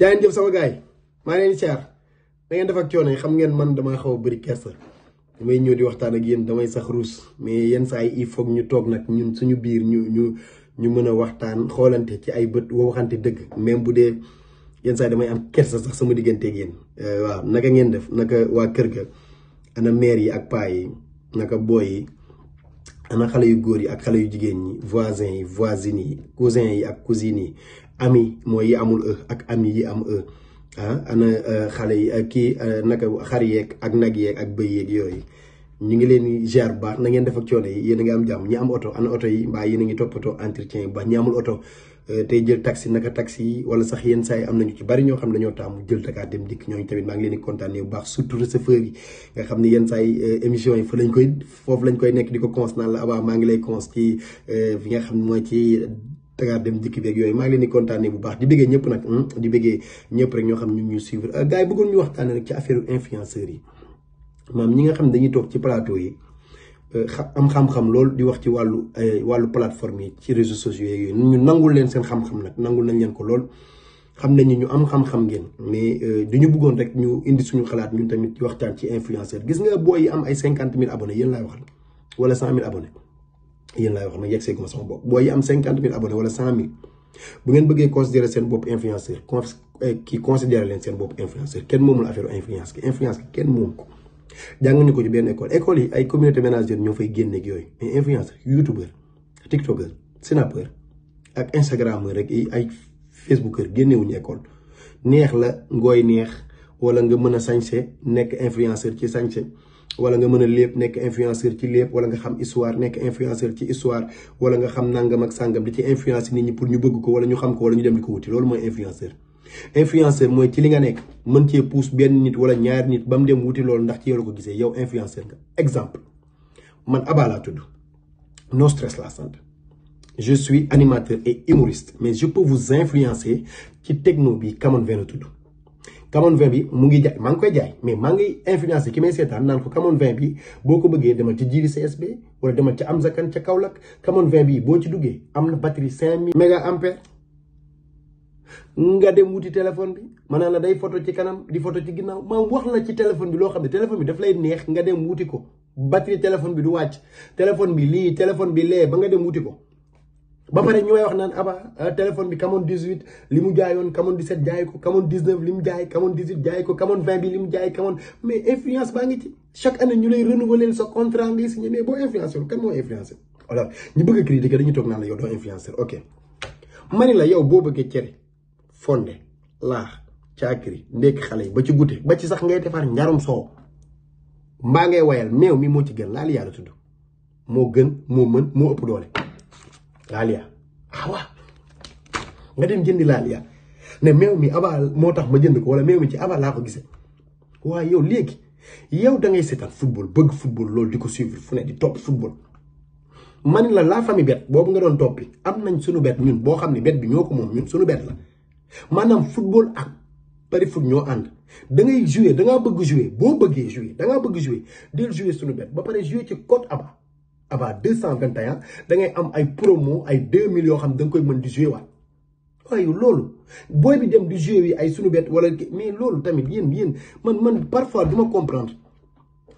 jaa ngeen jëf sama gars maa ngi leen di siyaar da def ak coono xam ngeen man damaa xaw a bëri kersa may ñëw di waxtaan ak yéen damay sax ruus mais yenn saa yi il foog ñu toog nag ñun suñu biir ñu ñu ñu mën a waxtaan xoolante ci ay bët waxante dëgg même bu dee yenn saa damay am kersa sax sama digganteeg yéen. Euh, waaw naka ngeen def naka waa kër ga ana maire yi ak paa yi naka booy yi. ana xale yu góor yi ak xale yu jigéen ñi voisins yi voisines yi cousins yi ak cousines yi ami mooy yi amul e ak ami yi am e ah ana e, xale yi e, kii e, naka xar yeeg ak nag yeeg ak bëy yeeg yooyu ñu ngi leen di ziar bu baax na ngeen def ak coono yi yéen a ngi am jàmm ñi am oto ana oto yi mbaa yéen a ngi toppatoo entretien yi bu baax ñi amul oto Euh, tey jël taxi naka taxi yi wala sax yenn saa am nañu ci bari ñoo xam ne dañoo taamu jël Dakar dem dikk ñooñu tamit maa ngi leen bu baax surtout receveurs yi ne yenn saa yi euh, émission fa lañ koy foofu lañ koy nekk di ko cons naan la abaa ah maa ngi lay cons ci euh, fi nga xam mooy ci Dakar dem dikk beeg yooyu maa ngi leen di kontaanee bu baax di bëggee ñëpp nag hmm, di bëggee ñëpp rek ñoo xam ne ñu ñu suivre gars yi bëggoon ñu waxtaanee rek ci affaire influenceurs yi maam ñi nga xam ne dañuy toog ci plateau yi am xam-xam loolu di wax ci walu walu plateforme yi ci réseaux sociaux les ñu nangul leen seen xam-xam nak nangul nañ leen ko lool xam nañ ñu am xam-xam ngeen mais nous euh, bëggoon rek ñu indi suñu xalaat ñun tamit waxtaan ci influenceur gis nga boy yi am ay 50000 abonnés yeen lay waxal wala 100000 abonnés yeen nous wax nag yexé ko sama bop boy yi am 50000 abonnés wala 100000 mille bu ngeen bëggee considérer seen bopp influenceur qui euh, considère leen seen bopp influenceur kenn moomul affaire influence influence quel kenn jàng nañu ko ci benn école école yi ay communauté ménagère ñoo fay génneeg yooyu mais influenceur youtubeur tiktokeur snapper ak instagrammeur rek ay facebookeur génnewuñu école neex la ngooy neex wala nga mën a sañse nekk influenceur ci sañse wala nga mën a lépp nekk influenceur ci lépp wala nga xam histoire nekk influenceur ci histoire wala nga xam nangam ak sàngam di ci influence nit ñi pour ñu bëgg ko wala ñu xam ko wala ñu dem di ko wuti loolu mooy influenceur influenceur moy ci li nga nek mën ci pousse ben nit wala nit bam dem wuti ndax ci influenceur exemple man Abba laa no stress la sante. je suis animateur et humoriste mais je peux vous influencer ci techno bi Camon 20 la tudd 20 bi mu ngi koy mais influencer ki may nan ko 20 bi Boko beugé demal ci Jiri CSB wala demal am Amzakan ci kaolak Camon 20 bi bo ci am batterie 5000 nga dem wuti téléphone bi maanaam la day photo ci kanam di photo ci ginnaaw maam wax la ci téléphone bi loo xam ne téléphone bi daf lay neex nga dem wuti ko batterie téléphone bi du wàcc téléphone bi lii téléphone bi lee ba nga dem wuti ko ba pare ñu may wax naan aba ah, téléphone bi kamoon 18 li mu jaayoon kamoon 17 jaay ko kamoon 19 li mu jaay kamoon 18 jaay ko kamoon 20 bi li mu jaay kamoon mais influence baa ngi ci chaque année ñu lay renouveler sa contrat ngay signé mais boo influenceur kan moo influenceur alors ñu bëgg a la yow boo bëggee cere fonde laax caakiri ndékki xale yi ba ci guddi ba ci sax ngay defar ñarum soow mbaa ngay wayal meew mi moo ci gën laaliyaa la tudd moo gën moo mën moo ëpp doole laaliyaa awaa ah, nga dem jëndi laaliyaa ne meew mi abaa moo tax ma jënd ko wala meew mi ci abaa laa ko gisee waaye yow léegi yow da ngay seetaan football bëgg football loolu di ko suivre fu ne di topp football man la la famille bet boobu nga doon toppi am nañ sunu bet ñun boo xam ne bet bi ñoo ko moom ñun sunu bet maanaam football ak pari foot ñoo ànd da ngay jouer da ngaa bëgg jouer boo bëggee jouer da ngaa bëgg jouer del jouer suñu bet ba pare jouer ci code aba aba deux cent vingt et un da am ay promo ay deux mille yoo xam da nga koy mën di jouer waat waaye loolu booy bi dem di jouer wi ay suñu bet wala mais loolu tamit yéen yéen man man parfois duma comprendre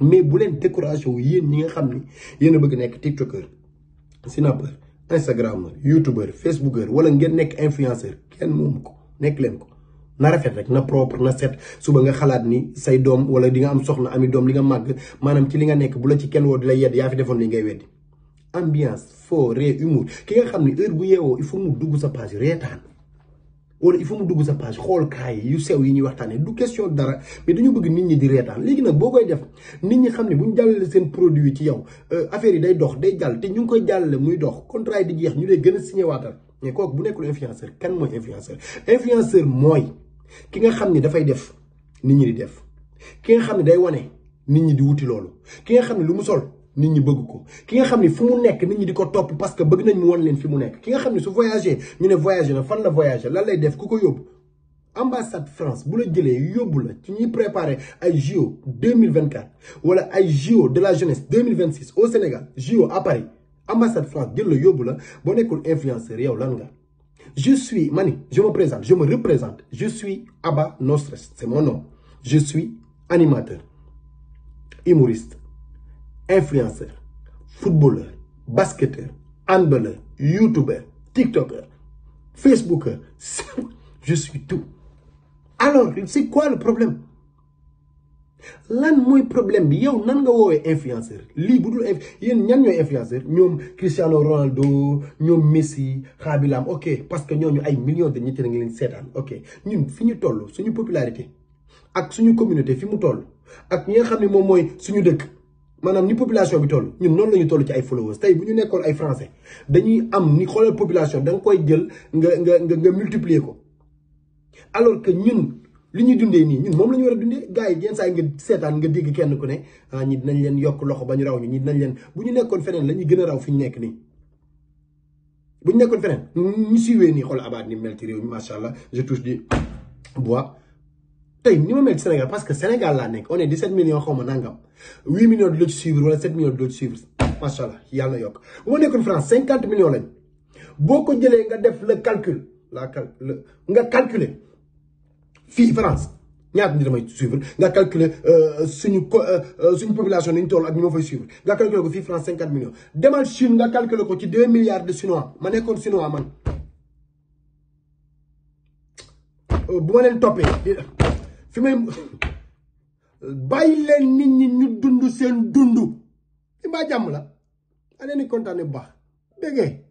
mais bu leen découragé wu yéen ñi nga xam ni yéen a bëgg nekk tiktoker snapper instagrammeur youtubeur facebooker wala ngeen nekk influenceur kenn moom ko nekk leen ko na rafet rek na propre na set suba nga xalaat ni say doom wala di nga am soxna ami doom li nga màgg maanaam ci li nga nekk bu la ci kenn woo di la yedd yaa fi defoon li ngay weddi ambiance foo ree humour ki nga xam ni heure bu yeewoo il faut mu dugg sa page reetaan wala il faut mu dugg sa page xool kaay yu sew yi ñuy waxtaanee du question dara mais dañu bëgg nit ñi di reetaan léegi nag boo koy def nit ñi xam ne bu ñu jàllale seen produit yi ci yow euh, affaire yi day dox day jàll te ñu ngi koy jàllale muy dox contrat yi di jeex ñu lay gën a signé waatal mais kooku bu nekkul influenceur kan mooy influenceur influenceur mooy ki nga xam ne dafay def nit ñi di def ki nga xam ne day wane nit ñi di wuti loolu ki nga xam lu mu sol nit ñi bëgg ko ki nga xamni fu mu nekk nit ñi di ko parce que bëgg nañ mu won leen fi mu nekk ki nga xamni su voyager ñu ne voyager na fan la voyager lan lay def ku ko yob ambassade France bu la jëlé yóbbu la ci ñi préparé ay JO 2024 wala ay JO de la jeunesse 2026 au Sénégal JO à Paris ambassade France jël la yóbbu la boo nekkul influenceur yow lan nga je suis mani je me présente je me représente je suis abba Nostres. c'est mon nom je suis animateur humoriste influenceur footballeur basketteur handballeur youtubeur tiktoker facebooker je suis tout alors c'est quoi le problème lan mon problème bi yow nan nga influenceur lii bu dul yéen ñan ñooy influenceur Cristiano Ronaldo Messi Khabilam. ok parce que avons des millions de nit ñi ngi leen Nous, ok ñun finissons c'est une suñu popularité ak une communauté fi mu toll ak ñi nga une ne suñu manam ni population bi toll ñun non la tollu ci ay followers tay buñu nous ay français dañuy am ni population dang koy jël nga nga nga multiplier ko alors que ñun nous dundé ni ñun nous lañu wara dundé gaay gars nga dégg kenn ku ah, ñi dinañ leen yok loxo bañu raw ñi dinañ leen nous raw fiñu nekk ñu ni je touche du bois tey ni ma mel Sénégal parce que Sénégal la nek on est 17 millions xom ma nangam 8 millions de la suivre wala 7 millions de la suivre macha yalla yok bu ma nekkoon France 50 millions lañ boko ko nga def le calcul la cal nga calculer fi France ñaata nit damay suivre nga calculer euh, suñu co euh, euh, suñu population ni ñu ak ñu ma fay suivre nga calculer ko fi France 50 millions demal Chine nga calculer ko ci 2 milliards de chinois ma nekone chinois man bu ma len toppee. fi may bàyyi leen nit ñi ñu dund seen dundu ci mbaa jàmm la a leen di kontaane bu baax déggee